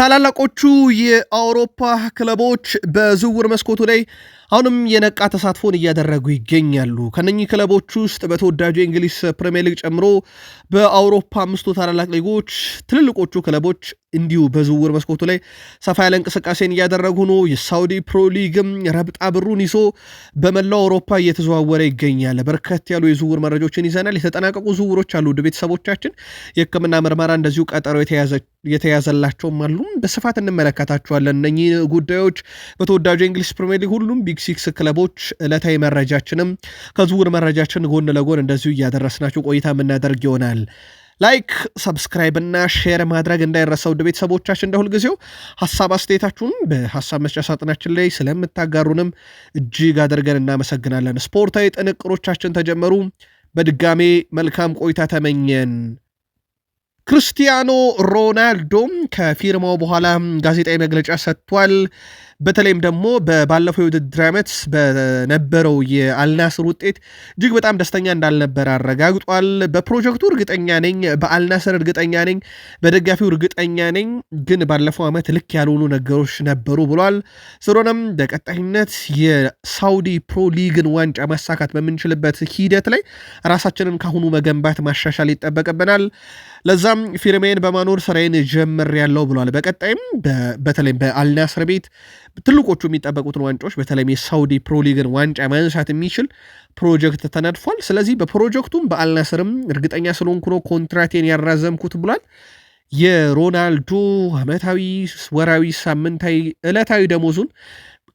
ታላላቆቹ የአውሮፓ ክለቦች በዝውውር መስኮቱ ላይ አሁንም የነቃ ተሳትፎን እያደረጉ ይገኛሉ። ከነኚህ ክለቦች ውስጥ በተወዳጁ የእንግሊዝ ፕሪምየር ሊግ ጨምሮ በአውሮፓ አምስቱ ታላላቅ ሊጎች ትልልቆቹ ክለቦች እንዲሁ በዝውውር መስኮቱ ላይ ሰፋ ያለ እንቅስቃሴን እያደረጉ ነው። የሳውዲ ፕሮ ሊግም ረብጣ ብሩን ይዞ በመላው አውሮፓ እየተዘዋወረ ይገኛል። በርከት ያሉ የዝውውር መረጃዎችን ይዘናል። የተጠናቀቁ ዝውውሮች አሉ። ቤተሰቦቻችን የሕክምና ምርመራ እንደዚሁ ቀጠሮ የተያዘላቸውም አሉ። በስፋት እንመለከታቸዋለን። እነኚህ ጉዳዮች በተወዳጁ የእንግሊዝ ፕሪምየር ሊግ ሁሉም ቢግ ሲክስ ክለቦች ዕለታዊ መረጃችንም ከዝውውር መረጃችን ጎን ለጎን እንደዚሁ እያደረስናችሁ ቆይታ የምናደርግ ይሆናል። ላይክ ሰብስክራይብ እና ሼር ማድረግ እንዳይረሳው። ውድ ቤተሰቦቻችን። እንደ ሁልጊዜው ሀሳብ አስተያየታችሁን በሀሳብ መስጫ ሳጥናችን ላይ ስለምታጋሩንም እጅግ አድርገን እናመሰግናለን። ስፖርታዊ ጥንቅሮቻችን ተጀመሩ። በድጋሜ መልካም ቆይታ ተመኘን። ክርስቲያኖ ሮናልዶም ከፊርማው በኋላ ጋዜጣዊ መግለጫ ሰጥቷል። በተለይም ደግሞ ባለፈው የውድድር ዓመት በነበረው የአልናስር ውጤት እጅግ በጣም ደስተኛ እንዳልነበር አረጋግጧል። በፕሮጀክቱ እርግጠኛ ነኝ፣ በአልናስር እርግጠኛ ነኝ፣ በደጋፊው እርግጠኛ ነኝ፣ ግን ባለፈው ዓመት ልክ ያልሆኑ ነገሮች ነበሩ ብሏል። ስለሆነም በቀጣይነት የሳውዲ ፕሮ ሊግን ዋንጫ ማሳካት በምንችልበት ሂደት ላይ ራሳችንን ካሁኑ መገንባት ማሻሻል ይጠበቅብናል። ለዛም ፊርሜን በማኖር ስራዬን ጀምር ያለው ብሏል። በቀጣይም በተለይም በአልናስር ቤት ትልቆቹ የሚጠበቁትን ዋንጫዎች በተለይም የሳውዲ ፕሮሊግን ዋንጫ ማንሳት የሚችል ፕሮጀክት ተነድፏል። ስለዚህ በፕሮጀክቱም በአልናስርም እርግጠኛ ስለሆንኩ ነው ኮንትራቴን ያራዘምኩት ብሏል። የሮናልዶ ዓመታዊ፣ ወራዊ፣ ሳምንታዊ፣ ዕለታዊ ደሞዙን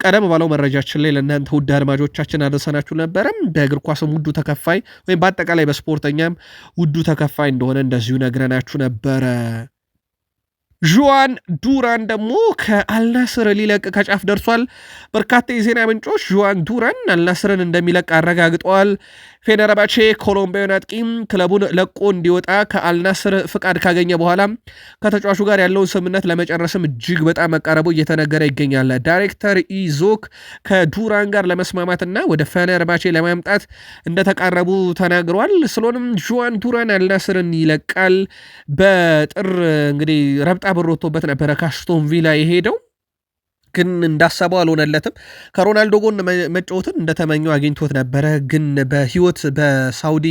ቀደም ባለው መረጃችን ላይ ለእናንተ ውድ አድማጮቻችን አደረሰናችሁ ነበረም። በእግር ኳስም ውዱ ተከፋይ ወይም በአጠቃላይ በስፖርተኛም ውዱ ተከፋይ እንደሆነ እንደዚሁ ነግረናችሁ ነበረ። ዥዋን ዱራን ደግሞ ከአልናስር ሊለቅ ከጫፍ ደርሷል። በርካታ የዜና ምንጮች ዥዋን ዱራን አልናስርን እንደሚለቅ አረጋግጠዋል። ፌነርባቼ ኮሎምቢያውን አጥቂም ክለቡን ለቆ እንዲወጣ ከአልናስር ፍቃድ ካገኘ በኋላ ከተጫዋቹ ጋር ያለውን ስምምነት ለመጨረስም እጅግ በጣም መቃረቡ እየተነገረ ይገኛል። ዳይሬክተር ኢዞክ ከዱራን ጋር ለመስማማትና ወደ ፌነርባቼ ለማምጣት እንደተቃረቡ ተናግሯል። ስለሆነም ዥዋን ዱራን አልናስርን ይለቃል በጥር እንግዲህ ረብጣ ብር ወጥቶበት ነበረ ካስቶን ቪላ የሄደው ግን እንዳሰበው አልሆነለትም። ከሮናልዶ ጎን መጫወትን እንደተመኘው አግኝቶት ነበረ፣ ግን በህይወት በሳውዲ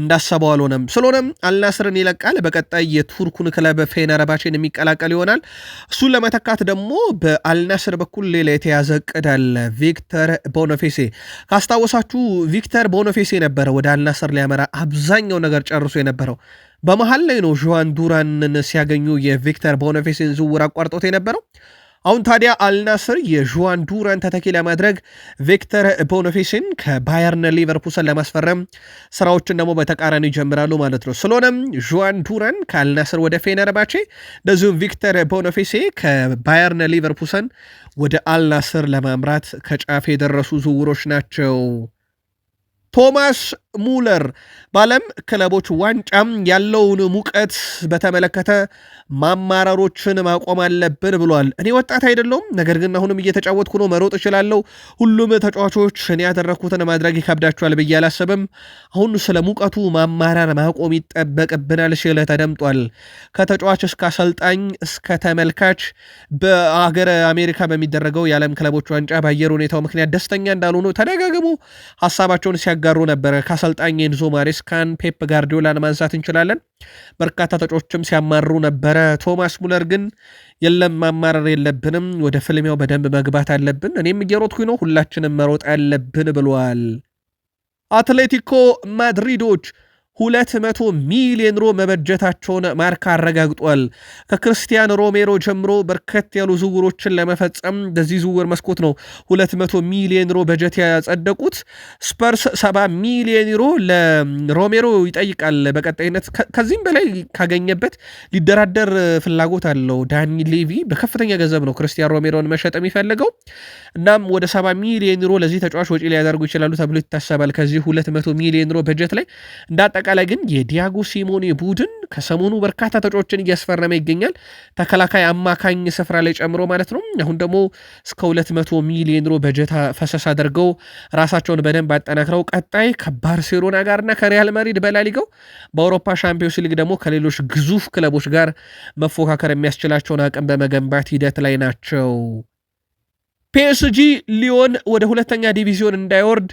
እንዳሰበው አልሆነም። ስለሆነም አልናስርን ይለቃል። በቀጣይ የቱርኩን ክለብ ፌነረባቼን የሚቀላቀል ይሆናል። እሱን ለመተካት ደግሞ በአልናስር በኩል ሌላ የተያዘ እቅድ አለ። ቪክተር ቦኖፌሴ ካስታወሳችሁ፣ ቪክተር ቦኖፌሴ ነበረ ወደ አልናስር ሊያመራ አብዛኛው ነገር ጨርሶ የነበረው በመሀል ላይ ነው ዥዋን ዱራንን ሲያገኙ የቪክተር ቦነፌስን ዝውውር አቋርጦት የነበረው። አሁን ታዲያ አልናስር የዥዋን ዱራን ተተኪ ለማድረግ ቪክተር ቦነፌስን ከባየርን ሊቨርፑልን ለማስፈረም ስራዎችን ደግሞ በተቃራኒ ይጀምራሉ ማለት ነው። ስለሆነም ዥዋን ዱራን ከአልናስር ወደ ፌነርባቼ፣ እንደዚሁም ቪክተር ቦነፌሴ ከባየርን ሊቨርፑልን ወደ አልናስር ለማምራት ከጫፍ የደረሱ ዝውውሮች ናቸው። ቶማስ ሙለር በዓለም ክለቦች ዋንጫም ያለውን ሙቀት በተመለከተ ማማራሮችን ማቆም አለብን ብሏል። እኔ ወጣት አይደለውም ነገር ግን አሁንም እየተጫወትኩ ነው፣ መሮጥ እችላለሁ። ሁሉም ተጫዋቾች እኔ ያደረግኩትን ማድረግ ይከብዳቸዋል ብዬ አላሰብም። አሁን ስለ ሙቀቱ ማማራር ማቆም ይጠበቅብናል ሲል ተደምጧል። ከተጫዋች እስከ አሰልጣኝ እስከ ተመልካች በአገረ አሜሪካ በሚደረገው የዓለም ክለቦች ዋንጫ በአየር ሁኔታው ምክንያት ደስተኛ እንዳልሆኑ ተደጋግሞ ሀሳባቸውን ሲያጋሩ ነበረ። አሰልጣኝ ኤንዞ ማሬስካን ፔፕ ጋርዲዮላን ማንሳት እንችላለን። በርካታ ተጫዎችም ሲያማሩ ነበረ። ቶማስ ሙለር ግን የለም ማማረር የለብንም ወደ ፍልሚያው በደንብ መግባት አለብን፣ እኔም እየሮጥኩኝ ነው፣ ሁላችንም መሮጥ አለብን ብሏል። አትሌቲኮ ማድሪዶች 200 ሚሊዮን ሮ መበጀታቸውን ማርካ አረጋግጧል። ከክርስቲያን ሮሜሮ ጀምሮ በርከት ያሉ ዝውውሮችን ለመፈጸም በዚህ ዝውውር መስኮት ነው 200 ሚሊዮን ሮ በጀት ያጸደቁት። ስፐርስ 70 ሚሊዮን ሮ ለሮሜሮ ይጠይቃል በቀጣይነት ከዚህም በላይ ካገኘበት ሊደራደር ፍላጎት አለው። ዳኒ ሌቪ በከፍተኛ ገንዘብ ነው ክርስቲያን ሮሜሮን መሸጥ የሚፈልገው። እናም ወደ 70 ሚሊዮን ሮ ለዚህ ተጫዋች ወጪ ሊያደርጉ ይችላሉ ተብሎ ይታሰባል። ከዚህ 200 ሚሊዮን ሮ በጀት ላይ እንዳጠቃ በቀለ ግን የዲያጎ ሲሞኔ ቡድን ከሰሞኑ በርካታ ተጫዎችን እያስፈረመ ይገኛል። ተከላካይ፣ አማካኝ ስፍራ ላይ ጨምሮ ማለት ነው። አሁን ደግሞ እስከ 200 ሚሊዮን ሮ በጀት ፈሰስ አድርገው ራሳቸውን በደንብ አጠናክረው ቀጣይ ከባርሴሎና ጋርና ከሪያል ማድሪድ በላሊጋው በአውሮፓ ሻምፒዮንስ ሊግ ደግሞ ከሌሎች ግዙፍ ክለቦች ጋር መፎካከር የሚያስችላቸውን አቅም በመገንባት ሂደት ላይ ናቸው። ፒኤስጂ ሊዮን ወደ ሁለተኛ ዲቪዚዮን እንዳይወርድ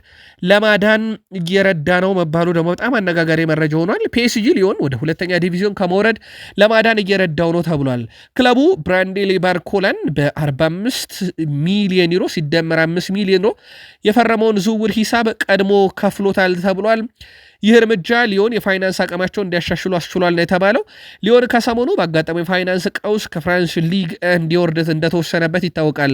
ለማዳን እየረዳ ነው መባሉ ደግሞ በጣም አነጋጋሪ መረጃ ሆኗል። ፒኤስጂ ሊዮን ወደ ሁለተኛ ዲቪዚዮን ከመውረድ ለማዳን እየረዳው ነው ተብሏል። ክለቡ ብራንዴሊ ባርኮላን በ45 ሚሊዮን ዩሮ ሲደመር 5 ሚሊዮን ዩሮ የፈረመውን ዝውውር ሂሳብ ቀድሞ ከፍሎታል ተብሏል። ይህ እርምጃ ሊዮን የፋይናንስ አቅማቸውን እንዲያሻሽሉ አስችሏል ነው የተባለው። ሊዮን ከሰሞኑ በአጋጣሚ ፋይናንስ ቀውስ ከፍራንስ ሊግ እንዲወርድ እንደተወሰነበት ይታወቃል።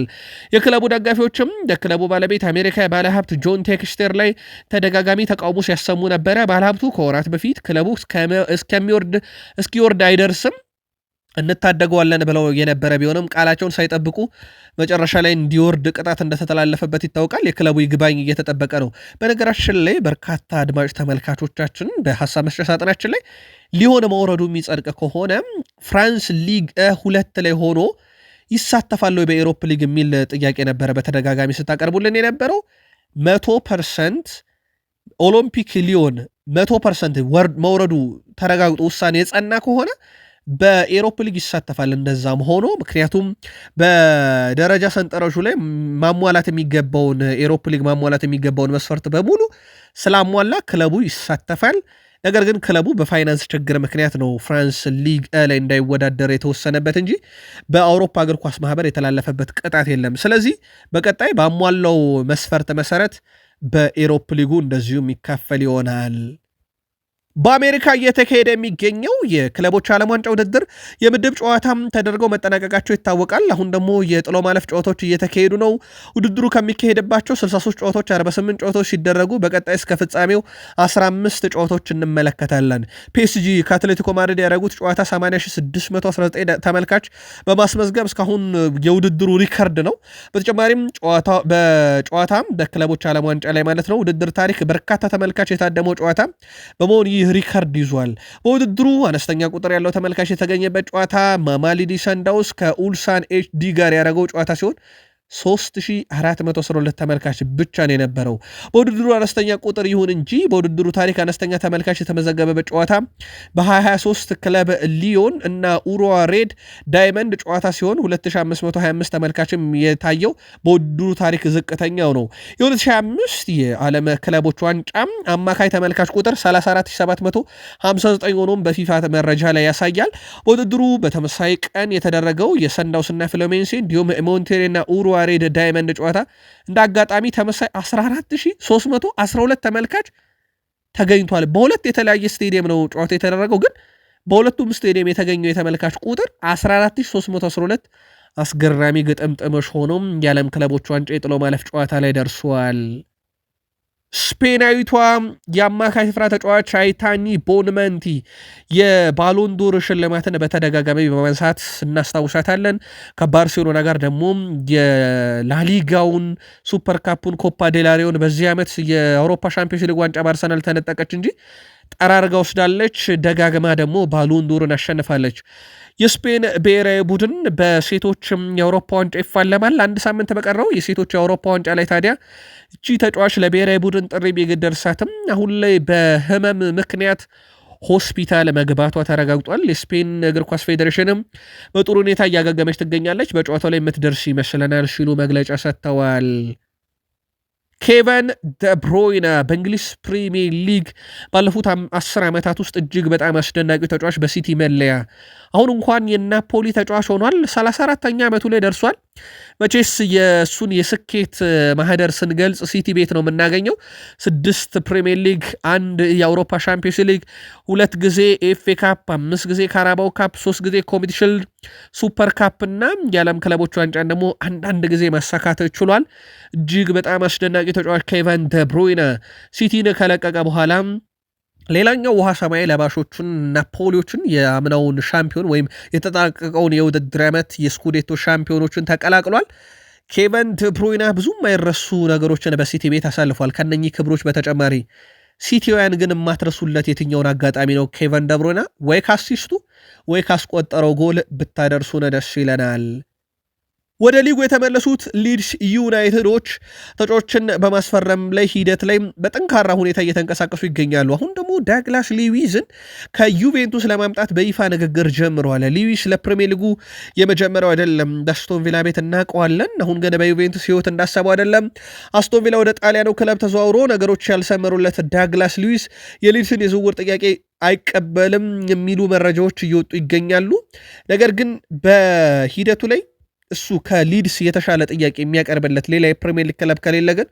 የክለቡ ደጋፊዎችም የክለቡ ባለቤት አሜሪካ የባለሀብት ጆን ቴክስተር ላይ ተደጋጋሚ ተቃውሞ ሲያሰሙ ነበረ። ባለሀብቱ ከወራት በፊት ክለቡ እስከሚወርድ እስኪወርድ አይደርስም እንታደገዋለን ብለው የነበረ ቢሆንም ቃላቸውን ሳይጠብቁ መጨረሻ ላይ እንዲወርድ ቅጣት እንደተተላለፈበት ይታወቃል። የክለቡ ይግባኝ እየተጠበቀ ነው። በነገራችን ላይ በርካታ አድማጭ ተመልካቾቻችን በሀሳብ መስጫ ሳጥናችን ላይ ሊሆን መውረዱ የሚጸድቅ ከሆነ ፍራንስ ሊግ ሁለት ላይ ሆኖ ወይ በኤሮፕ ሊግ የሚል ጥያቄ ነበረ በተደጋጋሚ ስታቀርቡልን የነበረው። መቶ ፐርሰንት ኦሎምፒክ ሊዮን መቶ ፐርሰንት መውረዱ ተረጋግጦ ውሳኔ የጸና ከሆነ በኤሮፕ ሊግ ይሳተፋል። እንደዛም ሆኖ ምክንያቱም በደረጃ ሰንጠረሹ ላይ ማሟላት የሚገባውን ኤሮፕ ሊግ ማሟላት የሚገባውን መስፈርት በሙሉ ስላሟላ ክለቡ ይሳተፋል። ነገር ግን ክለቡ በፋይናንስ ችግር ምክንያት ነው ፍራንስ ሊግ ላይ እንዳይወዳደር የተወሰነበት እንጂ በአውሮፓ እግር ኳስ ማህበር የተላለፈበት ቅጣት የለም። ስለዚህ በቀጣይ ባሟላው መስፈርት መሰረት በኤሮፕ ሊጉ እንደዚሁም ይካፈል ይሆናል። በአሜሪካ እየተካሄደ የሚገኘው የክለቦች ዓለም ዋንጫ ውድድር የምድብ ጨዋታም ተደርገው መጠናቀቃቸው ይታወቃል። አሁን ደግሞ የጥሎ ማለፍ ጨዋታዎች እየተካሄዱ ነው። ውድድሩ ከሚካሄድባቸው 63 ጨዋታዎች 48 ጨዋታዎች ሲደረጉ በቀጣይ እስከ ፍጻሜው 15 ጨዋታዎች እንመለከታለን። ፒኤስጂ ከአትሌቲኮ ማድሪድ ያደረጉት ጨዋታ 80619 ተመልካች በማስመዝገብ እስካሁን የውድድሩ ሪከርድ ነው። በተጨማሪም በጨዋታም በክለቦች ዓለም ዋንጫ ላይ ማለት ነው ውድድር ታሪክ በርካታ ተመልካች የታደመው ጨዋታ በመሆን ይህ ይህ ሪካርድ ይዟል። በውድድሩ አነስተኛ ቁጥር ያለው ተመልካች የተገኘበት ጨዋታ ማማሊዲ ሰንዳውስ ከኡልሳን ኤችዲ ጋር ያደረገው ጨዋታ ሲሆን 3412 ተመልካች ብቻ ነው የነበረው። በውድድሩ አነስተኛ ቁጥር ይሁን እንጂ በውድድሩ ታሪክ አነስተኛ ተመልካች የተመዘገበ ጨዋታ በ 23 ክለብ ሊዮን እና ኡሮዋ ሬድ ዳይመንድ ጨዋታ ሲሆን 2525 ተመልካችም የታየው በውድድሩ ታሪክ ዝቅተኛው ነው። የ2025 የዓለም ክለቦች ዋንጫ አማካይ ተመልካች ቁጥር 34759 ሆኖም በፊፋ መረጃ ላይ ያሳያል። በውድድሩ በተመሳሳይ ቀን የተደረገው የሰንዳውስና ፍሎሜንሴ እንዲሁም ሞንቴሬና ኡሩዋ ዋሬድ ዳይመንድ ጨዋታ እንደ አጋጣሚ ተመሳይ 14312 ተመልካች ተገኝቷል። በሁለት የተለያየ ስቴዲየም ነው ጨዋታ የተደረገው፣ ግን በሁለቱም ስቴዲየም የተገኘው የተመልካች ቁጥር 14312 አስገራሚ ግጥምጥምሽ ሆኖም የዓለም ክለቦች ዋንጫ የጥሎ ማለፍ ጨዋታ ላይ ደርሷል። ስፔናዊቷ የአማካይ ስፍራ ተጫዋች አይታኒ ቦንመንቲ የባሎንዶር ሽልማትን በተደጋጋሚ በማንሳት እናስታውሳታለን። ከባርሴሎና ጋር ደግሞ የላሊጋውን ሱፐር ካፑን፣ ኮፓ ዴላሪዮን በዚህ ዓመት የአውሮፓ ሻምፒዮንስ ሊግ ዋንጫ ባርሰናል ተነጠቀች እንጂ ጠራርጋ ወስዳለች። ደጋግማ ደግሞ ባሎንዶርን አሸንፋለች። የስፔን ብሔራዊ ቡድን በሴቶችም የአውሮፓ ዋንጫ ይፋለማል። አንድ ሳምንት በቀረው የሴቶች የአውሮፓ ዋንጫ ላይ ታዲያ እቺ ተጫዋች ለብሔራዊ ቡድን ጥሪ ቢደርሳትም አሁን ላይ በህመም ምክንያት ሆስፒታል መግባቷ ተረጋግጧል። የስፔን እግር ኳስ ፌዴሬሽንም በጥሩ ሁኔታ እያገገመች ትገኛለች፣ በጨዋታው ላይ የምትደርስ ይመስለናል ሲሉ መግለጫ ሰጥተዋል። ኬቨን ደብሮይና በእንግሊዝ ፕሪሚየር ሊግ ባለፉት አስር ዓመታት ውስጥ እጅግ በጣም አስደናቂ ተጫዋች በሲቲ መለያ አሁን እንኳን የናፖሊ ተጫዋች ሆኗል። 34ተኛ ዓመቱ ላይ ደርሷል። መቼስ የእሱን የስኬት ማህደር ስንገልጽ ሲቲ ቤት ነው የምናገኘው። ስድስት ፕሪሚየር ሊግ፣ አንድ የአውሮፓ ሻምፒዮንስ ሊግ፣ ሁለት ጊዜ ኤፍኤ ካፕ፣ አምስት ጊዜ ካራባው ካፕ፣ ሶስት ጊዜ ኮሚቲ ሱፐር ካፕ እና የዓለም ክለቦች ዋንጫን ደግሞ አንዳንድ ጊዜ ማሳካት ችሏል። እጅግ በጣም አስደናቂ ተጫዋች ከኢቫን ደብሮይነ ሲቲን ከለቀቀ በኋላም ሌላኛው ውሃ ሰማያዊ ለባሾቹን ናፖሊዎችን የአምናውን ሻምፒዮን ወይም የተጠናቀቀውን የውድድር ዓመት የስኩዴቶ ሻምፒዮኖችን ተቀላቅሏል። ኬቨን ድብሩይና ብዙም የማይረሱ ነገሮችን በሲቲ ቤት አሳልፏል። ከነኚህ ክብሮች በተጨማሪ ሲቲውያን ግን የማትረሱለት የትኛውን አጋጣሚ ነው? ኬቨን ደብሮና ወይ ካሲስቱ ወይ ካስቆጠረው ጎል ብታደርሱን ደስ ይለናል። ወደ ሊጉ የተመለሱት ሊድስ ዩናይትዶች ተጫዎችን በማስፈረም ላይ ሂደት ላይ በጠንካራ ሁኔታ እየተንቀሳቀሱ ይገኛሉ። አሁን ደግሞ ዳግላስ ሊዊዝን ከዩቬንቱስ ለማምጣት በይፋ ንግግር ጀምረዋል። ሊዊስ ለፕሪሚየር ሊጉ የመጀመሪያው አይደለም። አስቶን ቪላ ቤት እናውቀዋለን። አሁን ግን በዩቬንቱስ ህይወት እንዳሰበው አይደለም። አስቶን ቪላ ወደ ጣሊያኑ ክለብ ተዘዋውሮ ነገሮች ያልሰመሩለት ዳግላስ ሊዊስ የሊድስን የዝውውር ጥያቄ አይቀበልም የሚሉ መረጃዎች እየወጡ ይገኛሉ። ነገር ግን በሂደቱ ላይ እሱ ከሊድስ የተሻለ ጥያቄ የሚያቀርብለት ሌላ የፕሪሚየር ሊግ ክለብ ከሌለ ግን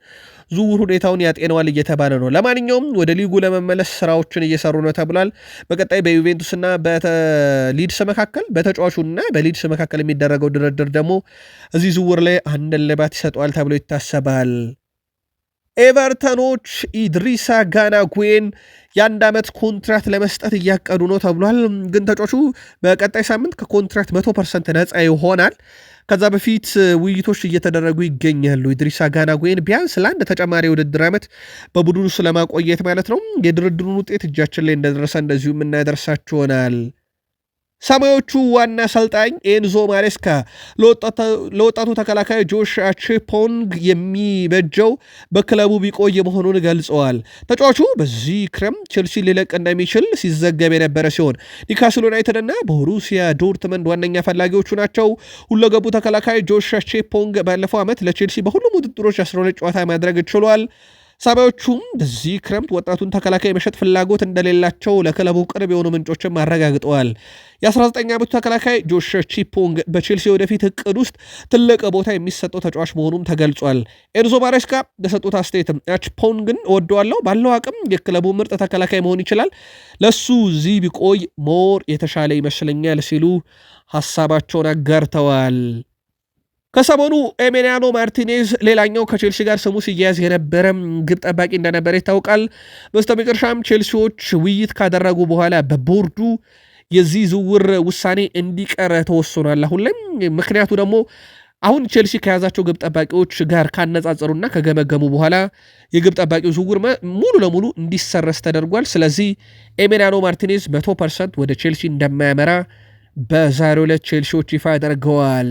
ዝውውር ሁኔታውን ያጤነዋል እየተባለ ነው። ለማንኛውም ወደ ሊጉ ለመመለስ ስራዎችን እየሰሩ ነው ተብሏል። በቀጣይ በዩቬንቱስና በሊድስ መካከል በተጫዋቹና በሊድስ መካከል የሚደረገው ድርድር ደግሞ እዚህ ዝውውር ላይ አንድ እልባት ይሰጠዋል ተብሎ ይታሰባል። ኤቨርተኖች ኢድሪሳ ጋና ጉዌን የአንድ ዓመት ኮንትራት ለመስጠት እያቀዱ ነው ተብሏል። ግን ተጫዋቹ በቀጣይ ሳምንት ከኮንትራት መቶ ፐርሰንት ነፃ ይሆናል። ከዛ በፊት ውይይቶች እየተደረጉ ይገኛሉ። ኢድሪሳ ጋናጉዌን ቢያንስ ለአንድ ተጨማሪ ውድድር ዓመት በቡድኑ ስለማቆየት ማለት ነው። የድርድሩን ውጤት እጃችን ላይ እንደደረሰ እንደዚሁ የምናደርሳችኋል። ሰማዮቹ ዋና አሰልጣኝ ኤንዞ ማሬስካ ለወጣቱ ተከላካይ ጆሽ አቼፖንግ የሚበጀው በክለቡ ቢቆይ መሆኑን ገልጸዋል። ተጫዋቹ በዚህ ክረምት ቼልሲ ሊለቅ እንደሚችል ሲዘገብ የነበረ ሲሆን ኒካስል ዩናይትድ እና ቦሩሲያ ዶርትመንድ ዋነኛ ፈላጊዎቹ ናቸው። ሁለገቡ ተከላካይ ጆሽ አቼፖንግ ባለፈው ዓመት ለቼልሲ በሁሉም ውድድሮች 12 ጨዋታ ማድረግ ችሏል። ሳቢዎቹም በዚህ ክረምት ወጣቱን ተከላካይ መሸጥ ፍላጎት እንደሌላቸው ለክለቡ ቅርብ የሆኑ ምንጮችም አረጋግጠዋል። የ19 ዓመቱ ተከላካይ ጆሽ ቺፖንግ በቼልሲ ወደፊት እቅድ ውስጥ ትልቅ ቦታ የሚሰጠው ተጫዋች መሆኑም ተገልጿል። ኤንዞ ማሬስካ በሰጡት አስተያየትም ቺፖንግን እወደዋለሁ፣ ባለው አቅም የክለቡ ምርጥ ተከላካይ መሆን ይችላል፣ ለሱ እዚህ ቢቆይ ሞር የተሻለ ይመስለኛል ሲሉ ሀሳባቸውን አጋርተዋል። ከሰሞኑ ኤሜሊያኖ ማርቲኔዝ ሌላኛው ከቼልሲ ጋር ስሙ ሲያያዝ የነበረ ግብ ጠባቂ እንደነበረ ይታወቃል። በስተመጨረሻም ቼልሲዎች ውይይት ካደረጉ በኋላ በቦርዱ የዚህ ዝውውር ውሳኔ እንዲቀር ተወስኗል። አሁን ላይ ምክንያቱ ደግሞ አሁን ቼልሲ ከያዛቸው ግብ ጠባቂዎች ጋር ካነጻጸሩና ከገመገሙ በኋላ የግብ ጠባቂው ዝውውር ሙሉ ለሙሉ እንዲሰረስ ተደርጓል። ስለዚህ ኤሜሊያኖ ማርቲኔዝ መቶ ፐርሰንት ወደ ቼልሲ እንደማያመራ በዛሬው ዕለት ቼልሲዎች ይፋ ያደርገዋል።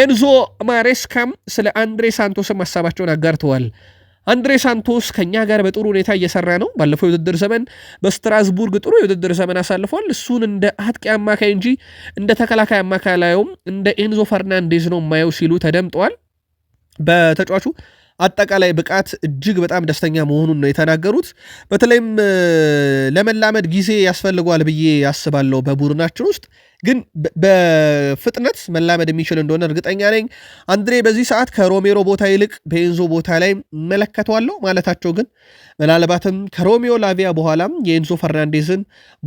ኤንዞ ማሬስካም ስለ አንድሬ ሳንቶስም ሀሳባቸውን አጋርተዋል። አንድሬ ሳንቶስ ከእኛ ጋር በጥሩ ሁኔታ እየሰራ ነው። ባለፈው የውድድር ዘመን በስትራስቡርግ ጥሩ የውድድር ዘመን አሳልፏል። እሱን እንደ አጥቂ አማካይ እንጂ እንደ ተከላካይ አማካይ ላይም እንደ ኤንዞ ፈርናንዴዝ ነው የማየው ሲሉ ተደምጠዋል። በተጫዋቹ አጠቃላይ ብቃት እጅግ በጣም ደስተኛ መሆኑን ነው የተናገሩት። በተለይም ለመላመድ ጊዜ ያስፈልገዋል ብዬ ያስባለው በቡድናችን ውስጥ ግን በፍጥነት መላመድ የሚችል እንደሆነ እርግጠኛ ነኝ። አንድሬ በዚህ ሰዓት ከሮሜሮ ቦታ ይልቅ በኤንዞ ቦታ ላይ እመለከተዋለሁ ማለታቸው ግን ምናልባትም ከሮሜዮ ላቪያ በኋላም የኤንዞ ፈርናንዴዝን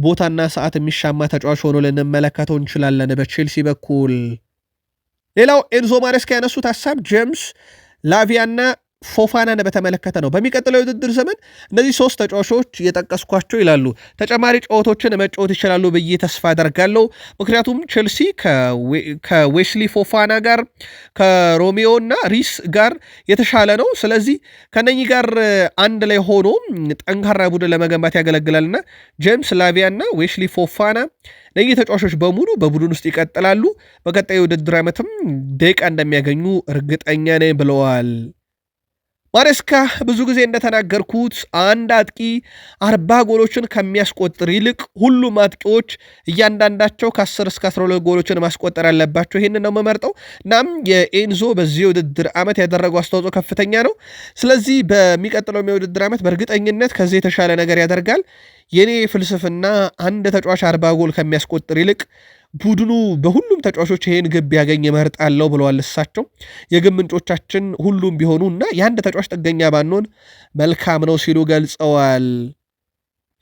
ቦታና ሰዓት የሚሻማ ተጫዋች ሆኖ ልንመለከተው እንችላለን በቼልሲ በኩል። ሌላው ኤንዞ ማሬስካ ያነሱት ሀሳብ ጄምስ La viana ፎፋናን በተመለከተ ነው። በሚቀጥለው የውድድር ዘመን እነዚህ ሶስት ተጫዋቾች እየጠቀስኳቸው ይላሉ ተጨማሪ ጨዋታዎችን መጫወት ይችላሉ ብዬ ተስፋ አደርጋለሁ። ምክንያቱም ቼልሲ ከዌስሊ ፎፋና ጋር ከሮሜዮ እና ሪስ ጋር የተሻለ ነው። ስለዚህ ከነኚህ ጋር አንድ ላይ ሆኖ ጠንካራ ቡድን ለመገንባት ያገለግላልና ጄምስ ላቪያ እና ዌስሊ ፎፋና እነዚህ ተጫዋቾች በሙሉ በቡድን ውስጥ ይቀጥላሉ። በቀጣይ የውድድር ዓመትም ደቂቃ እንደሚያገኙ እርግጠኛ ነኝ ብለዋል። ማሬስካ ብዙ ጊዜ እንደተናገርኩት አንድ አጥቂ አርባ ጎሎችን ከሚያስቆጥር ይልቅ ሁሉም አጥቂዎች እያንዳንዳቸው ከ10 እስከ 12 ጎሎችን ማስቆጠር ያለባቸው ይህንን ነው የምመርጠው። እናም የኤንዞ በዚህ የውድድር ዓመት ያደረገው አስተዋጽኦ ከፍተኛ ነው። ስለዚህ በሚቀጥለው የውድድር ዓመት በእርግጠኝነት ከዚህ የተሻለ ነገር ያደርጋል። የኔ ፍልስፍና አንድ ተጫዋች አርባ ጎል ከሚያስቆጥር ይልቅ ቡድኑ በሁሉም ተጫዋቾች ይሄን ግብ ቢያገኝ እመርጣለሁ ብለዋል እሳቸው። የግብ ምንጮቻችን ሁሉም ቢሆኑ እና የአንድ ተጫዋች ጥገኛ ባንሆን መልካም ነው ሲሉ ገልጸዋል።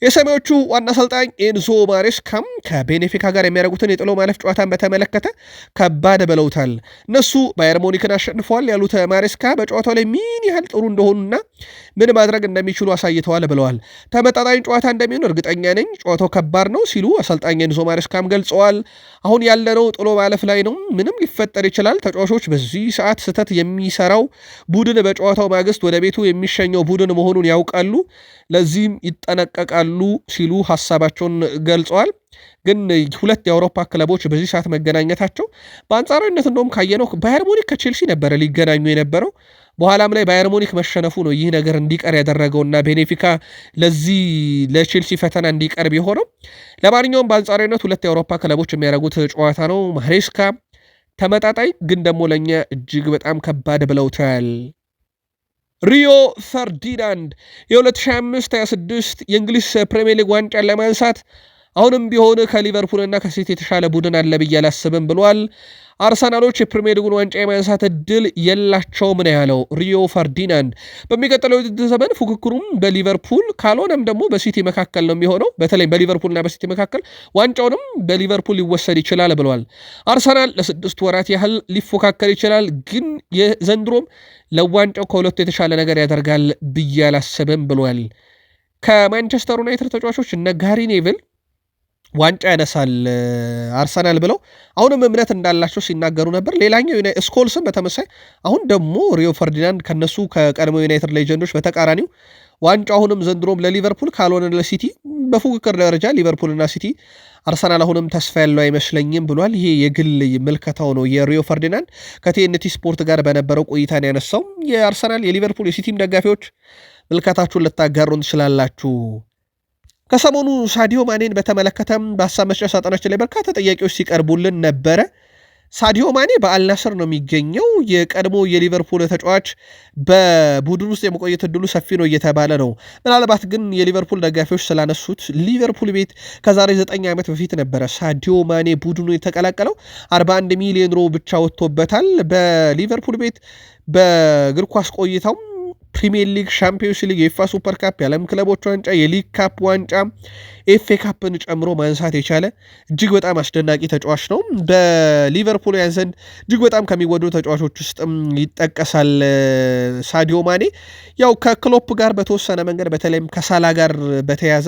የሰማዮቹ ዋና አሰልጣኝ ኤንዞ ማሬስካም ከቤኔፊካ ጋር የሚያደርጉትን የጥሎ ማለፍ ጨዋታን በተመለከተ ከባድ ብለውታል። እነሱ ባየር ሞኒክን አሸንፈዋል ያሉት ማሬስካ በጨዋታው ላይ ምን ያህል ጥሩ እንደሆኑና ምን ማድረግ እንደሚችሉ አሳይተዋል ብለዋል። ተመጣጣኝ ጨዋታ እንደሚሆን እርግጠኛ ነኝ። ጨዋታው ከባድ ነው ሲሉ አሰልጣኝ ኤንዞ ማሬስካም ገልጸዋል። አሁን ያለነው ጥሎ ማለፍ ላይ ነው። ምንም ሊፈጠር ይችላል። ተጫዋቾች በዚህ ሰዓት ስህተት የሚሰራው ቡድን በጨዋታው ማግስት ወደ ቤቱ የሚሸኘው ቡድን መሆኑን ያውቃሉ። ለዚህም ይጠነቀቃሉ ሲሉ ሀሳባቸውን ገልጸዋል። ግን ሁለት የአውሮፓ ክለቦች በዚህ ሰዓት መገናኘታቸው በአንጻራዊነት እንደውም ካየነው ባየር ሙኒክ ከቼልሲ ነበረ ሊገናኙ የነበረው በኋላም ላይ ባየር ሙኒክ መሸነፉ ነው ይህ ነገር እንዲቀር ያደረገውና ቤኔፊካ ለዚህ ለቼልሲ ፈተና እንዲቀርብ የሆነው። ለማንኛውም በአንጻራዊነት ሁለት የአውሮፓ ክለቦች የሚያደርጉት ጨዋታ ነው። ማሬስካ ተመጣጣኝ ግን ደግሞ ለእኛ እጅግ በጣም ከባድ ብለውታል። ሪዮ ፈርዲናንድ የ2025/26 የእንግሊዝ ፕሪምየር ሊግ ዋንጫን ለማንሳት አሁንም ቢሆን ከሊቨርፑልና ከሲቲ የተሻለ ቡድን አለ ብዬ አላስብም ብሏል። አርሰናሎች የፕሪሚየር ሊጉን ዋንጫ የማንሳት እድል የላቸውም ነው ያለው ሪዮ ፈርዲናንድ። በሚቀጥለው ውድድር ዘመን ፉክክሩም በሊቨርፑል ካልሆነም ደግሞ በሲቲ መካከል ነው የሚሆነው። በተለይ በሊቨርፑልና በሲቲ መካከል ዋንጫውንም በሊቨርፑል ሊወሰድ ይችላል ብለዋል። አርሰናል ለስድስት ወራት ያህል ሊፎካከል ይችላል፣ ግን የዘንድሮም ለዋንጫው ከሁለቱ የተሻለ ነገር ያደርጋል ብዬ አላስብም ብሏል። ከማንቸስተር ዩናይትድ ተጫዋቾች እነ ጋሪ ዋንጫ ያነሳል አርሰናል ብለው አሁንም እምነት እንዳላቸው ሲናገሩ ነበር። ሌላኛው ስኮልስም በተመሳይ አሁን ደግሞ ሪዮ ፈርዲናንድ ከነሱ ከቀድሞ ዩናይትድ ሌጀንዶች በተቃራኒው ዋንጫ አሁንም ዘንድሮም ለሊቨርፑል ካልሆነ ለሲቲ በፉክክር ደረጃ ሊቨርፑልና ሲቲ፣ አርሰናል አሁንም ተስፋ ያለው አይመስለኝም ብሏል። ይሄ የግል ምልከታው ነው የሪዮ ፈርዲናንድ ከቲኤንቲ ስፖርት ጋር በነበረው ቆይታን ያነሳው የአርሰናል የሊቨርፑል የሲቲም ደጋፊዎች ምልከታችሁን ልታጋሩን ትችላላችሁ ከሰሞኑ ሳዲዮ ማኔን በተመለከተም በሀሳብ መስጫ ሳጥናችን ላይ በርካታ ጥያቄዎች ሲቀርቡልን ነበረ። ሳዲዮ ማኔ በአልናስር ነው የሚገኘው። የቀድሞ የሊቨርፑል ተጫዋች በቡድን ውስጥ የመቆየት እድሉ ሰፊ ነው እየተባለ ነው። ምናልባት ግን የሊቨርፑል ደጋፊዎች ስላነሱት ሊቨርፑል ቤት ከዛሬ 9 ዓመት በፊት ነበረ ሳዲዮ ማኔ ቡድኑ የተቀላቀለው። 41 ሚሊዮን ሮ ብቻ ወጥቶበታል። በሊቨርፑል ቤት በእግር ኳስ ቆይታውም ፕሪሚየር ሊግ፣ ሻምፒዮንስ ሊግ፣ የፋ ሱፐር ካፕ፣ የዓለም ክለቦች ዋንጫ፣ የሊግ ካፕ ዋንጫ ኤፌ ካፕን ጨምሮ ማንሳት የቻለ እጅግ በጣም አስደናቂ ተጫዋች ነው። በሊቨርፑልያን ዘንድ እጅግ በጣም ከሚወዱ ተጫዋቾች ውስጥም ይጠቀሳል። ሳዲዮ ማኔ ያው ከክሎፕ ጋር በተወሰነ መንገድ በተለይም ከሳላ ጋር በተያዘ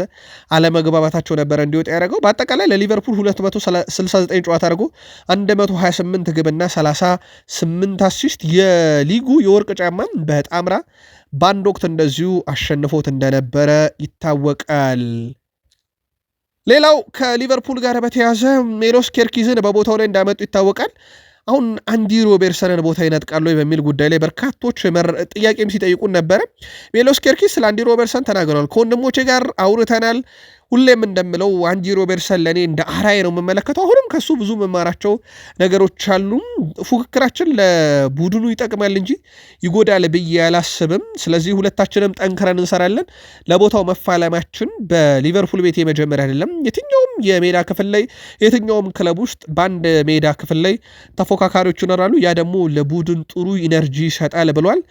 አለመግባባታቸው ነበረ እንዲወጣ ያደረገው። በአጠቃላይ ለሊቨርፑል 269 ጨዋታ አድርጎ 128 ግብና 38 አሲስት የሊጉ የወርቅ ጫማም በጣምራ በአንድ ወቅት እንደዚሁ አሸንፎት እንደነበረ ይታወቃል። ሌላው ከሊቨርፑል ጋር በተያዘ ሜሎስ ኬርኪዝን በቦታው ላይ እንዳመጡ ይታወቃል። አሁን አንዲ ሮቤርሰንን ቦታ ይነጥቃሉ በሚል ጉዳይ ላይ በርካቶች ጥያቄም ሲጠይቁን ነበረ። ሜሎስ ኬርኪስ ስለ አንዲ ሮቤርሰን ተናግረዋል። ከወንድሞቼ ጋር አውርተናል። ሁሌም እንደምለው አንጂ ሮቤርሰን ለእኔ እንደ አራይ ነው የምመለከተው። አሁንም ከሱ ብዙ መማራቸው ነገሮች አሉ። ፉክክራችን ለቡድኑ ይጠቅማል እንጂ ይጎዳል ብዬ አላስብም። ስለዚህ ሁለታችንም ጠንክረን እንሰራለን። ለቦታው መፋለማችን በሊቨርፑል ቤት የመጀመሪያ አይደለም። የትኛውም የሜዳ ክፍል ላይ የትኛውም ክለብ ውስጥ በአንድ ሜዳ ክፍል ላይ ተፎካካሪዎች ይኖራሉ። ያ ደግሞ ለቡድን ጥሩ ኢነርጂ ይሰጣል ብሏል።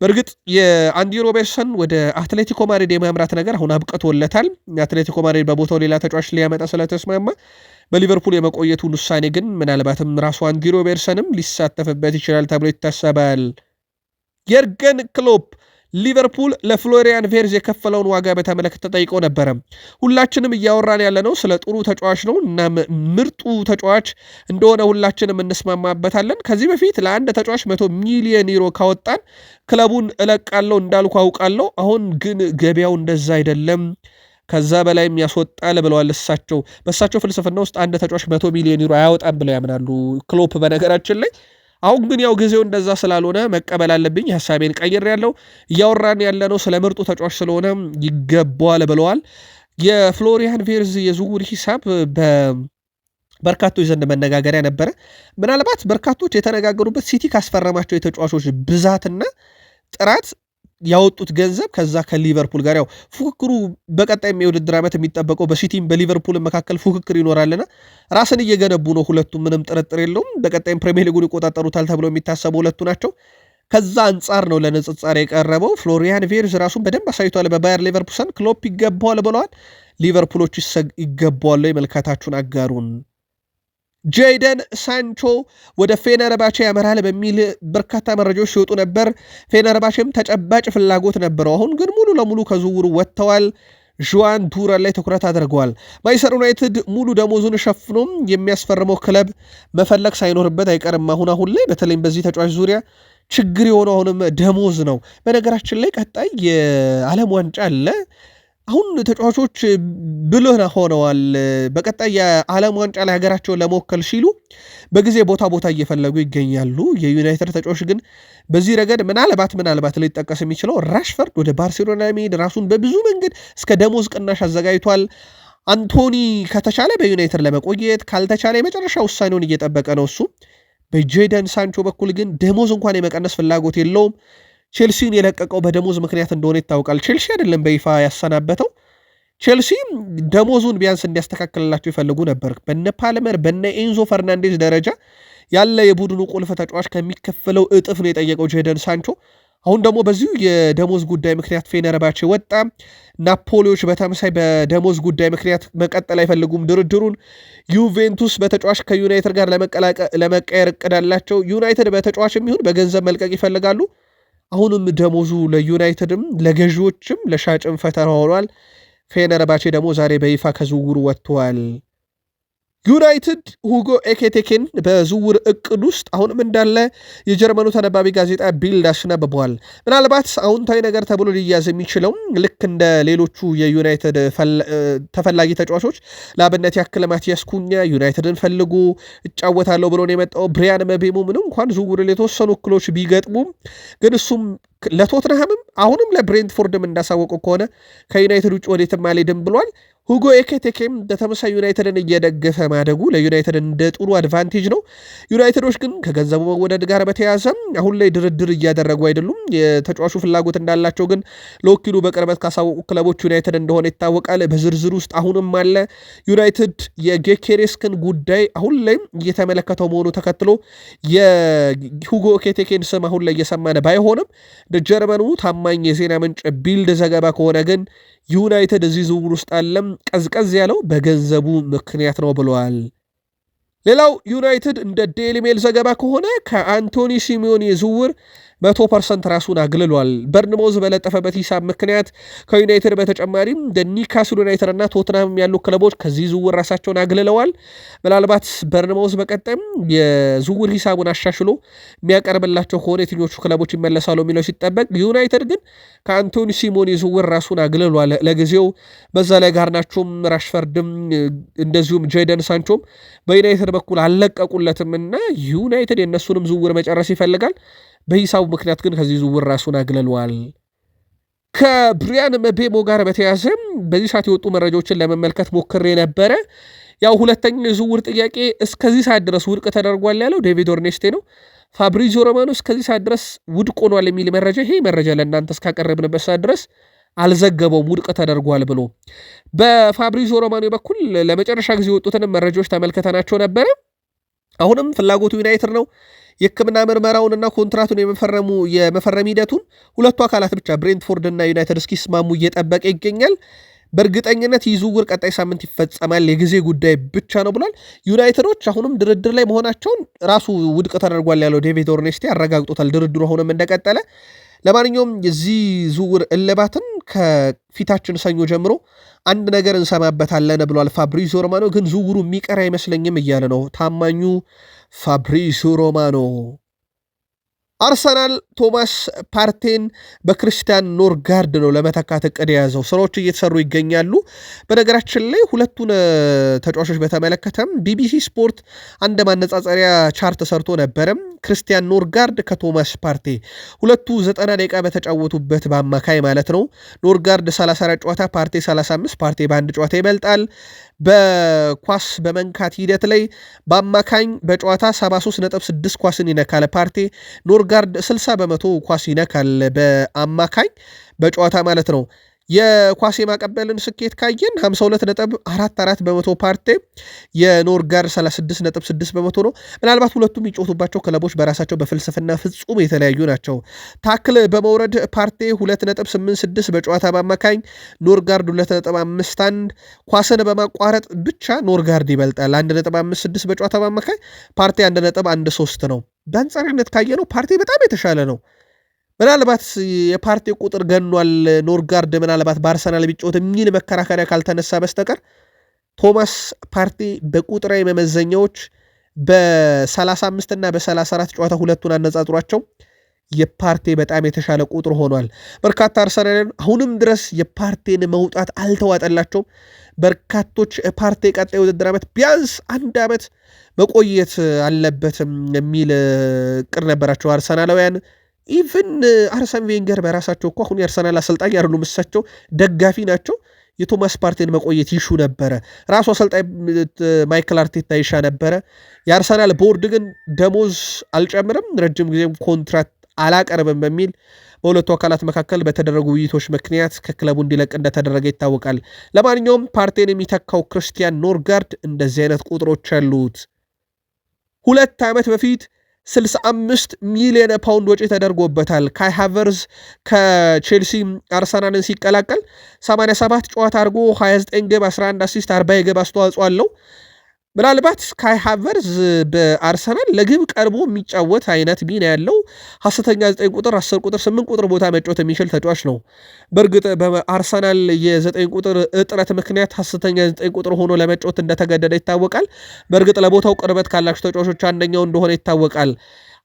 በእርግጥ የአንዲ ሮቤርሰን ወደ አትሌቲኮ ማድሪድ የማምራት ነገር አሁን አብቅቶለታል። የአትሌቲኮ ማድሪድ በቦታው ሌላ ተጫዋች ሊያመጣ ስለተስማማ በሊቨርፑል የመቆየቱን ውሳኔ ግን ምናልባትም ራሱ አንዲ ሮቤርሰንም ሊሳተፍበት ይችላል ተብሎ ይታሰባል። የርገን ክሎፕ ሊቨርፑል ለፍሎሪያን ቬርዝ የከፈለውን ዋጋ በተመለከተ ተጠይቆ ነበረ። ሁላችንም እያወራን ያለነው ስለ ጥሩ ተጫዋች ነው እና ምርጡ ተጫዋች እንደሆነ ሁላችንም እንስማማበታለን። ከዚህ በፊት ለአንድ ተጫዋች መቶ ሚሊየን ዩሮ ካወጣን ክለቡን እለቃለሁ እንዳልኩ አውቃለሁ። አሁን ግን ገበያው እንደዛ አይደለም ከዛ በላይም ያስወጣል ብለዋል። እሳቸው በእሳቸው ፍልስፍና ውስጥ አንድ ተጫዋች መቶ ሚሊዮን ዩሮ አያወጣም ብለው ያምናሉ ክሎፕ በነገራችን ላይ አሁን ግን ያው ጊዜው እንደዛ ስላልሆነ መቀበል አለብኝ። ሀሳቤን ቀይር ያለው እያወራን ያለነው ስለ ምርጡ ተጫዋች ስለሆነ ይገባዋል ብለዋል። የፍሎሪያን ቬርዝ የዝውውር ሂሳብ በርካቶች ዘንድ መነጋገሪያ ነበረ። ምናልባት በርካቶች የተነጋገሩበት ሲቲ ካስፈረማቸው የተጫዋቾች ብዛትና ጥራት ያወጡት ገንዘብ ከዛ ከሊቨርፑል ጋር ያው ፉክክሩ በቀጣይም የውድድር ዓመት የሚጠበቀው በሲቲም በሊቨርፑል መካከል ፉክክር ይኖራልና ራስን እየገነቡ ነው ሁለቱ ምንም ጥርጥር የለውም። በቀጣይም ፕሪሚየር ሊጉን ይቆጣጠሩታል ተብለው የሚታሰቡ ሁለቱ ናቸው። ከዛ አንጻር ነው ለንጽጻር የቀረበው። ፍሎሪያን ቬርዝ ራሱን በደንብ አሳይቷል። በባየር ሌቨርኩሰን ክሎፕ ይገባዋል ብለዋል። ሊቨርፑሎች ይገባዋል። የመልካታችሁን አጋሩን። ጄደን ሳንቾ ወደ ፌነርባቼ ያመራል በሚል በርካታ መረጃዎች ሲወጡ ነበር። ፌነርባቼም ተጨባጭ ፍላጎት ነበረው። አሁን ግን ሙሉ ለሙሉ ከዝውውሩ ወጥተዋል። ዥዋን ዱረን ላይ ትኩረት አድርገዋል። ማይሰር ዩናይትድ ሙሉ ደሞዙን ሸፍኖም የሚያስፈርመው ክለብ መፈለግ ሳይኖርበት አይቀርም። አሁን አሁን ላይ በተለይም በዚህ ተጫዋች ዙሪያ ችግር የሆነው አሁንም ደሞዝ ነው። በነገራችን ላይ ቀጣይ የዓለም ዋንጫ አለ አሁን ተጫዋቾች ብልህ ሆነዋል። በቀጣይ የዓለም ዋንጫ ላይ ሀገራቸውን ለመወከል ሲሉ በጊዜ ቦታ ቦታ እየፈለጉ ይገኛሉ። የዩናይትድ ተጫዋች ግን በዚህ ረገድ ምናልባት ምናልባት ሊጠቀስ የሚችለው ራሽፈርድ ወደ ባርሴሎና መሄድ ራሱን በብዙ መንገድ እስከ ደሞዝ ቅናሽ አዘጋጅቷል። አንቶኒ ከተቻለ በዩናይትድ ለመቆየት ካልተቻለ የመጨረሻ ውሳኔውን እየጠበቀ ነው እሱ። በጄደን ሳንቾ በኩል ግን ደሞዝ እንኳን የመቀነስ ፍላጎት የለውም። ቼልሲን የለቀቀው በደሞዝ ምክንያት እንደሆነ ይታወቃል። ቼልሲ አይደለም በይፋ ያሰናበተው። ቼልሲ ደሞዙን ቢያንስ እንዲያስተካክልላቸው ይፈልጉ ነበር። በነ ፓልመር በነ ኤንዞ ፈርናንዴዝ ደረጃ ያለ የቡድኑ ቁልፍ ተጫዋች ከሚከፈለው እጥፍ ነው የጠየቀው ጄደን ሳንቾ። አሁን ደግሞ በዚሁ የደሞዝ ጉዳይ ምክንያት ፌነርባቼ ወጣ። ናፖሊዎች በተመሳይ በደሞዝ ጉዳይ ምክንያት መቀጠል አይፈልጉም ድርድሩን። ዩቬንቱስ በተጫዋች ከዩናይትድ ጋር ለመቀየር እቅድ አላቸው። ዩናይትድ በተጫዋች የሚሆን በገንዘብ መልቀቅ ይፈልጋሉ። አሁንም ደሞዙ ለዩናይትድም ለገዢዎችም ለሻጭም ፈተና ሆኗል። ፌነርባቼ ደግሞ ዛሬ በይፋ ከዝውውሩ ወጥተዋል። ዩናይትድ ሁጎ ኤኬቴኬን በዝውውር እቅድ ውስጥ አሁንም እንዳለ የጀርመኑ ተነባቢ ጋዜጣ ቢልድ አስነብቧል። ምናልባት አዎንታዊ ነገር ተብሎ ሊያዝ የሚችለው ልክ እንደ ሌሎቹ የዩናይትድ ተፈላጊ ተጫዋቾች ለአብነት ያክል ማቲያስ ኩኛ ዩናይትድን ፈልጉ እጫወታለሁ ብሎን የመጣው ብሪያን መቤሙ ምን እንኳን ዝውውርን የተወሰኑ እክሎች ቢገጥሙም ግን እሱም ለቶትንሃምም አሁንም ለብሬንትፎርድም እንዳሳወቁ ከሆነ ከዩናይትድ ውጭ ወዴትም አልሄድም ብሏል። ሁጎ ኤኬቴኬም በተመሳይ ዩናይትድን እየደገፈ ማደጉ ለዩናይትድ እንደ ጥሩ አድቫንቴጅ ነው። ዩናይትዶች ግን ከገንዘቡ መወደድ ጋር በተያዘ አሁን ላይ ድርድር እያደረጉ አይደሉም። የተጫዋቹ ፍላጎት እንዳላቸው ግን ለወኪሉ በቅርበት ካሳወቁ ክለቦች ዩናይትድ እንደሆነ ይታወቃል። በዝርዝር ውስጥ አሁንም አለ። ዩናይትድ የጌኬሬስክን ጉዳይ አሁን ላይ እየተመለከተው መሆኑ ተከትሎ የሁጎ ኤኬቴኬን ስም አሁን ላይ እየሰማን ባይሆንም ጀርመኑ ታማኝ የዜና ምንጭ ቢልድ ዘገባ ከሆነ ግን ዩናይትድ እዚህ ዝውውር ውስጥ አለም ቀዝቀዝ ያለው በገንዘቡ ምክንያት ነው ብለዋል። ሌላው ዩናይትድ እንደ ዴሊ ሜል ዘገባ ከሆነ ከአንቶኒ ሲሚዮን የዝውውር መቶ ፐርሰንት ራሱን አግልሏል። በርንሞዝ በለጠፈበት ሂሳብ ምክንያት ከዩናይትድ በተጨማሪም ኒካስል ዩናይትድ እና ቶትናም ያሉ ክለቦች ከዚህ ዝውውር ራሳቸውን አግልለዋል። ምናልባት በርንሞዝ በቀጠም የዝውውር ሂሳቡን አሻሽሎ የሚያቀርብላቸው ከሆነ የትኞቹ ክለቦች ይመለሳሉ የሚለው ሲጠበቅ፣ ዩናይትድ ግን ከአንቶኒ ሲሞኔ ዝውውር ራሱን አግልሏል። ለጊዜው በዛ ላይ ጋርናቾም ራሽፈርድም እንደዚሁም ጄደን ሳንቾም በዩናይትድ በኩል አልለቀቁለትም እና ዩናይትድ የእነሱንም ዝውውር መጨረስ ይፈልጋል። በሂሳቡ ምክንያት ግን ከዚህ ዝውውር ራሱን አግለሏል። ከብሪያን መቤሞ ጋር በተያያዘም በዚህ ሰዓት የወጡ መረጃዎችን ለመመልከት ሞክሬ ነበረ። ያው ሁለተኛው የዝውውር ጥያቄ እስከዚህ ሰዓት ድረስ ውድቅ ተደርጓል ያለው ዴቪድ ኦርኔስቴ ነው። ፋብሪዚዮ ሮማኖ እስከዚህ ሰዓት ድረስ ውድቅ ሆኗል የሚል መረጃ ይሄ መረጃ ለእናንተ እስካቀረብንበት ሰዓት ድረስ አልዘገበውም ውድቅ ተደርጓል ብሎ። በፋብሪዚዮ ሮማኖ በኩል ለመጨረሻ ጊዜ የወጡትንም መረጃዎች ተመልክተናቸው ነበረ። አሁንም ፍላጎቱ ዩናይትድ ነው። የሕክምና ምርመራውንና ኮንትራቱን የመፈረሙ የመፈረም ሂደቱን ሁለቱ አካላት ብቻ ብሬንትፎርድ እና ዩናይትድ እስኪስማሙ እየጠበቀ ይገኛል። በእርግጠኝነት ይህ ቀጣይ ሳምንት ይፈጸማል፣ የጊዜ ጉዳይ ብቻ ነው ብሏል። ዩናይትዶች አሁንም ድርድር ላይ መሆናቸውን ራሱ ውድቅ ተደርጓል ያለው ዴቪድ ኦርኔስቲ አረጋግጦታል። ድርድሩ አሁንም እንደቀጠለ። ለማንኛውም የዚህ ዝውውር እልባትን ከፊታችን ሰኞ ጀምሮ አንድ ነገር እንሰማበታለን ብሏል ፋብሪዞ ሮማኖ። ግን ዝውውሩ የሚቀር አይመስለኝም እያለ ነው ታማኙ ፋብሪሺ ሮማኖ። አርሰናል ቶማስ ፓርቴን በክርስቲያን ኖርጋርድ ነው ለመተካት እቅድ የያዘው። ስራዎች እየተሰሩ ይገኛሉ። በነገራችን ላይ ሁለቱን ተጫዋቾች በተመለከተም ቢቢሲ ስፖርት አንድ ማነጻጸሪያ ቻርት ሰርቶ ነበረም። ክርስቲያን ኖርጋርድ ከቶማስ ፓርቴ ሁለቱ 90 ደቂቃ በተጫወቱበት በአማካይ ማለት ነው። ኖርጋርድ 34 ጨዋታ፣ ፓርቴ 35። ፓርቴ በአንድ ጨዋታ ይበልጣል። በኳስ በመንካት ሂደት ላይ በአማካኝ በጨዋታ 73.6 ኳስን ይነካል። ፓርቲ ኖርጋርድ 60 በመቶ ኳስ ይነካል በአማካኝ በጨዋታ ማለት ነው። የኳስ የማቀበልን ስኬት ካየን 52.44 በመቶ ፓርቴ የኖርጋር 36.6 በመቶ ነው። ምናልባት ሁለቱም የሚጮቱባቸው ክለቦች በራሳቸው በፍልስፍና ፍጹም የተለያዩ ናቸው። ታክል በመውረድ ፓርቴ 2.86 በጨዋታ በአማካኝ ኖርጋርድ 2.51፣ ኳስን በማቋረጥ ብቻ ኖርጋርድ ይበልጣል 1.56 በጨዋታ በአማካኝ ፓርቴ 1.13 ነው። በአንጻራዊነት ካየነው ፓርቴ በጣም የተሻለ ነው። ምናልባት የፓርቲ ቁጥር ገኗል ኖርጋርድ ምናልባት በአርሰናል ቢጫወት የሚል መከራከሪያ ካልተነሳ በስተቀር ቶማስ ፓርቲ በቁጥራዊ መመዘኛዎች በ35 እና በ34 ጨዋታ ሁለቱን አነጻጽሯቸው የፓርቴ በጣም የተሻለ ቁጥር ሆኗል። በርካታ አርሰናልን አሁንም ድረስ የፓርቴን መውጣት አልተዋጠላቸውም። በርካቶች ፓርቴ ቀጣይ ውድድር ዓመት ቢያንስ አንድ ዓመት መቆየት አለበትም የሚል ቅር ነበራቸው አርሰናላውያን። ኢቨን አርሰን ቬንገር በራሳቸው እኮ አሁን የአርሰናል አሰልጣኝ አይደሉም፣ እሳቸው ደጋፊ ናቸው። የቶማስ ፓርቴን መቆየት ይሹ ነበረ። ራሱ አሰልጣኝ ማይክል አርቴታ ይሻ ነበረ። የአርሰናል ቦርድ ግን ደሞዝ አልጨምርም፣ ረጅም ጊዜም ኮንትራት አላቀርብም በሚል በሁለቱ አካላት መካከል በተደረጉ ውይይቶች ምክንያት ከክለቡ እንዲለቅ እንደተደረገ ይታወቃል። ለማንኛውም ፓርቴን የሚተካው ክርስቲያን ኖርጋርድ እንደዚህ አይነት ቁጥሮች አሉት። ሁለት ዓመት በፊት 65 ሚሊዮን ፓውንድ ወጪ ተደርጎበታል። ካይ ሃቨርዝ ከቼልሲ አርሰናልን ሲቀላቀል 87 ጨዋታ አድርጎ 29 ግብ፣ 11 አሲስት፣ 40 የግብ አስተዋጽኦ አለው። ምናልባት ስካይ ሃቨርዝ በአርሰናል ለግብ ቀርቦ የሚጫወት አይነት ሚና ያለው ሐሰተኛ 9 ቁጥር፣ 10 ቁጥር፣ 8 ቁጥር ቦታ መጫወት የሚችል ተጫዋች ነው። በእርግጥ በአርሰናል የ9 ቁጥር እጥረት ምክንያት ሐሰተኛ 9 ቁጥር ሆኖ ለመጫወት እንደተገደደ ይታወቃል። በእርግጥ ለቦታው ቅርበት ካላቸው ተጫዋቾች አንደኛው እንደሆነ ይታወቃል።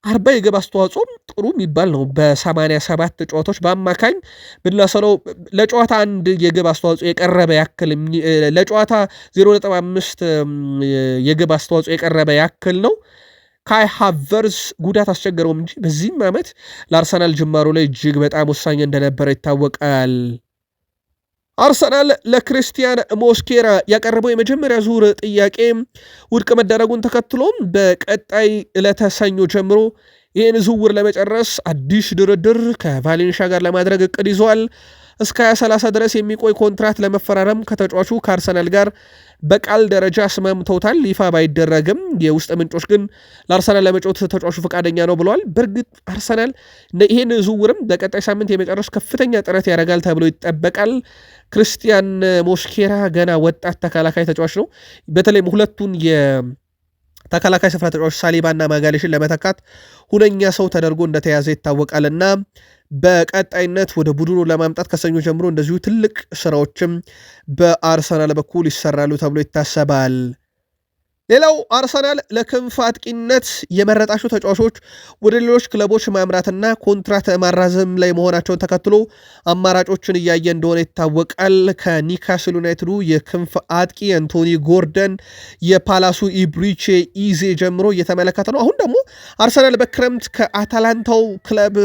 አርባ የግብ አስተዋጽኦም ጥሩ የሚባል ነው። በሰማንያ ሰባት ተጫዋቶች በአማካኝ ብናሰለው ለጨዋታ አንድ የግብ አስተዋጽኦ የቀረበ ያክል ለጨዋታ 0.5 የግብ አስተዋጽኦ የቀረበ ያክል ነው። ካይ ሃቨርስ ጉዳት አስቸገረውም እንጂ በዚህም ዓመት ለአርሰናል ጅማሮ ላይ እጅግ በጣም ወሳኝ እንደነበረ ይታወቃል። አርሰናል ለክሪስቲያን ሞስኬራ ያቀረበው የመጀመሪያ ዙር ጥያቄ ውድቅ መደረጉን ተከትሎም በቀጣይ ለተሰኞ ጀምሮ ይህን ዝውውር ለመጨረስ አዲስ ድርድር ከቫሌንሻ ጋር ለማድረግ እቅድ ይዟል። እስከ 2030 ድረስ የሚቆይ ኮንትራት ለመፈራረም ከተጫዋቹ ከአርሰናል ጋር በቃል ደረጃ ስማምተውታል። ይፋ ባይደረግም የውስጥ ምንጮች ግን ለአርሰናል ለመጫወት ተጫዋቹ ፈቃደኛ ነው ብለዋል። በእርግጥ አርሰናል ይህን ዝውውርም በቀጣይ ሳምንት የመጨረስ ከፍተኛ ጥረት ያደርጋል ተብሎ ይጠበቃል። ክርስቲያን ሞስኬራ ገና ወጣት ተከላካይ ተጫዋች ነው። በተለይም ሁለቱን የተከላካይ ስፍራ ተጫዋች ሳሊባና ማጋሌሽን ለመተካት ሁነኛ ሰው ተደርጎ እንደተያዘ ይታወቃልና በቀጣይነት ወደ ቡድኑ ለማምጣት ከሰኞ ጀምሮ እንደዚሁ ትልቅ ስራዎችም በአርሰናል በኩል ይሰራሉ ተብሎ ይታሰባል። ሌላው አርሰናል ለክንፍ አጥቂነት የመረጣቸው ተጫዋቾች ወደ ሌሎች ክለቦች ማምራትና ኮንትራት ማራዘም ላይ መሆናቸውን ተከትሎ አማራጮችን እያየ እንደሆነ ይታወቃል። ከኒካስል ዩናይትዱ የክንፍ አጥቂ አንቶኒ ጎርደን፣ የፓላሱ ኢብሪቼ ኢዜ ጀምሮ እየተመለከተ ነው። አሁን ደግሞ አርሰናል በክረምት ከአታላንታው ክለብ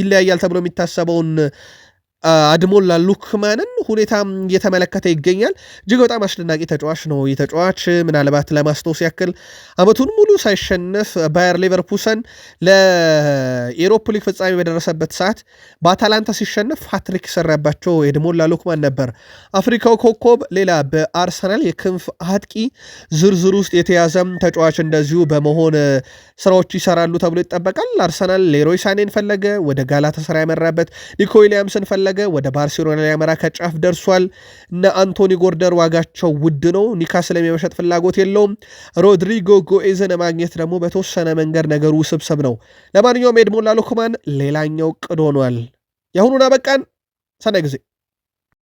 ይለያያል ተብሎ የሚታሰበውን አድሞላ ሉክማንን ሁኔታ እየተመለከተ ይገኛል። እጅግ በጣም አስደናቂ ተጫዋች ነው። የተጫዋች ምናልባት ለማስታወስ ያክል አመቱን ሙሉ ሳይሸነፍ ባየር ሌቨርኩሰን ለኤሮፕ ሊግ ፍጻሜ በደረሰበት ሰዓት በአታላንታ ሲሸነፍ ሃትሪክ የሰራባቸው አድሞላ ሉክማን ነበር። አፍሪካው ኮከብ ሌላ በአርሰናል የክንፍ አጥቂ ዝርዝር ውስጥ የተያዘም ተጫዋች እንደዚሁ በመሆን ስራዎች ይሰራሉ ተብሎ ይጠበቃል። አርሰናል ሌሮይ ሳኔን ፈለገ፣ ወደ ጋላታሳራይ ያመራበት ኒኮ ዊሊያምስን ፈለገ ከፈለገ ወደ ባርሴሎና ሊያመራ ከጫፍ ደርሷል። እነ አንቶኒ ጎርደር ዋጋቸው ውድ ነው። ኒውካስል የመሸጥ ፍላጎት የለውም። ሮድሪጎ ጎኤዝን ማግኘት ደግሞ በተወሰነ መንገድ ነገሩ ውስብስብ ነው። ለማንኛውም ኤድሞን ላሉክማን ሌላኛው ቅድ ሆኗል። የአሁኑን አበቃን። ሰነ ጊዜ